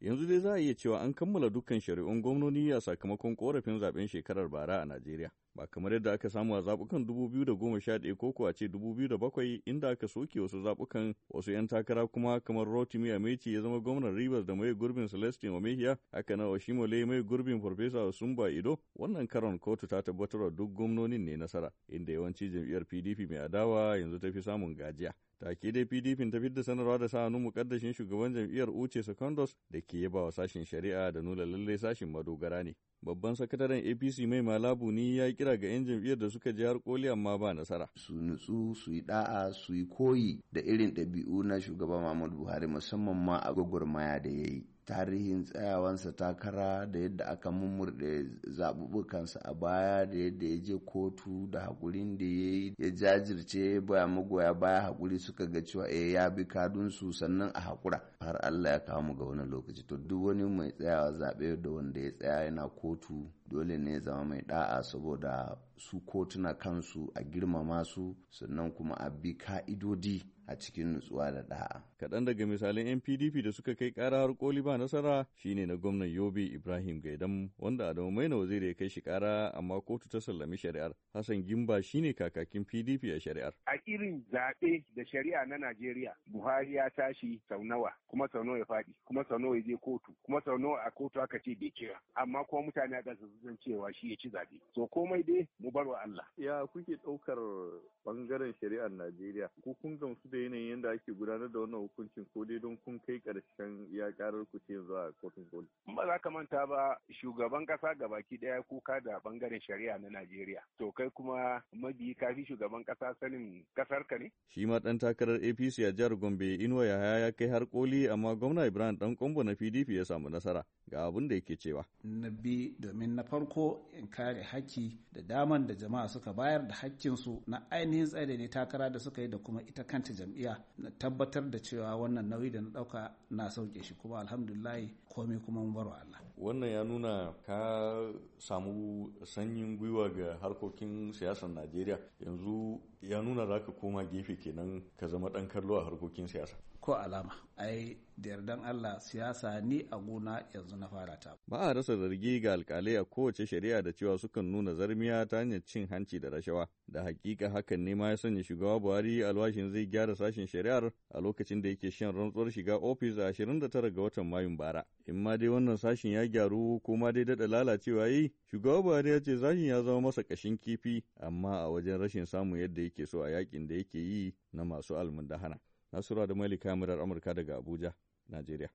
Yanzu dai za a iya cewa an kammala dukkan shari'un gwamnoni a sakamakon korafin zaben shekarar bara a Najeriya. Ba kamar yadda aka samu a zabukan 2011 ko a ce 2007 inda aka soke wasu zabukan wasu 'yan takara kuma kamar Rotimi Amechi ya zama gwamnan Rivers da mai gurbin Celestine Omehia haka na Oshimole mai gurbin Farfesa Sumba Ido wannan karon kotu ta tabbatar duk gwamnonin ne nasara inda yawanci jam'iyyar PDP mai adawa yanzu ta fi samun gajiya. Take dai PDP ta fidda sanarwa da sa hannu mukaddashin shugaban jam'iyyar Uche Secondos da ke yaba wa sashen shari'a da nuna lallai sashen madogara ne. Babban sakataren APC mai malabu ne ya kira ga 'yan jam'iyyar da suka ji har koli amma ba nasara. Su nutsu su yi da'a su yi koyi da irin ɗabi'u na shugaba Muhammadu Buhari musamman ma a gwagwarmaya da ya yi. tarihin tsayawansa takara da yadda aka mummurde zaɓuɓɓukansa a baya da yadda ya je kotu da haƙurin da ya yi ya jajirce baya magoya baya haƙuri suka ga cewa eh ya bi kadunsu sannan a haƙura har Allah ya kawo mu ga wani lokaci to duk wani mai tsayawa zaɓe da wanda ya tsaya yana kotu dole ne zama mai da'a saboda su kotuna kansu a girmama su sannan kuma a bi ka'idodi a cikin nutsuwa da da'a. Kaɗan daga misalin 'yan PDP da suka kai ƙara har koli ba nasara shine na gwamnan Yobe Ibrahim Gaidam wanda Adamu Maina waziri ya kai shi ƙara amma kotu ta sallami shari'ar. Hassan Gimba shine kakakin PDP a shari'ar. A irin zaɓe da shari'a na Najeriya Buhari ya tashi sau nawa kuma sau nawa ya faɗi kuma sau nawa ya je kotu kuma sau nawa a kotu aka ce bai kira amma kuma mutane a zan cewa shi ya ci zaɓe. So komai dai mu bar wa Allah. Ya kuke ɗaukar bangaren shari'ar Najeriya Ko kun gamsu da yanayin yadda ake gudanar da wannan hukuncin ko dai don kun kai ƙarshen ya ƙarar ku ce zuwa kotun koli. Ba za ka manta ba shugaban ƙasa baki ɗaya kuka da bangaren shari'a na Najeriya. To kai kuma mabiyi kafi shugaban ƙasa sanin ƙasar ka ne? Shi ma ɗan takarar APC a jihar Gombe Inuwa Yahaya ya kai har koli amma gwamna Ibrahim ɗan kombo na PDP ya samu nasara ga abin da yake cewa. Na domin na farko in kare haƙƙi da daman da jama'a suka bayar da haƙƙinsu na ainihin tsare ne takara da suka yi da kuma ita kanta jam'iyya na tabbatar da cewa wannan nauyi da na ɗauka na sauke shi kuma alhamdulillahi komai kuma mun barwa Allah. Wannan ya nuna ka samu sanyin gwiwa ga harkokin siyasar Najeriya yanzu ya nuna za ka koma gefe kenan ka zama ɗan kallo a harkokin siyasa. Ko alama ai da yardan Allah siyasa ni a gona yanzu na fara ta. Ba a rasa zargi ga alƙalai a kowace shari'a da cewa sukan nuna zarmiya ta hanyar cin hanci da rashawa. Da hakika hakan ne ma ya sanya shugaba Buhari alwashin zai gyara sashen shari'ar a lokacin da yake shan rantsuwar shiga ofis a ashirin da tara ga watan Mayun bara. In ma dai wannan sashen ya gyaru ko ma dai daɗa lalacewa yi, shugaba Buhari ya ce sashen ya zama masa ƙashin kifi amma a wajen rashin samun yadda yake so a yakin da yake yi na masu almundahana. Nasura da Malika Murar Amurka daga Abuja, Najeriya.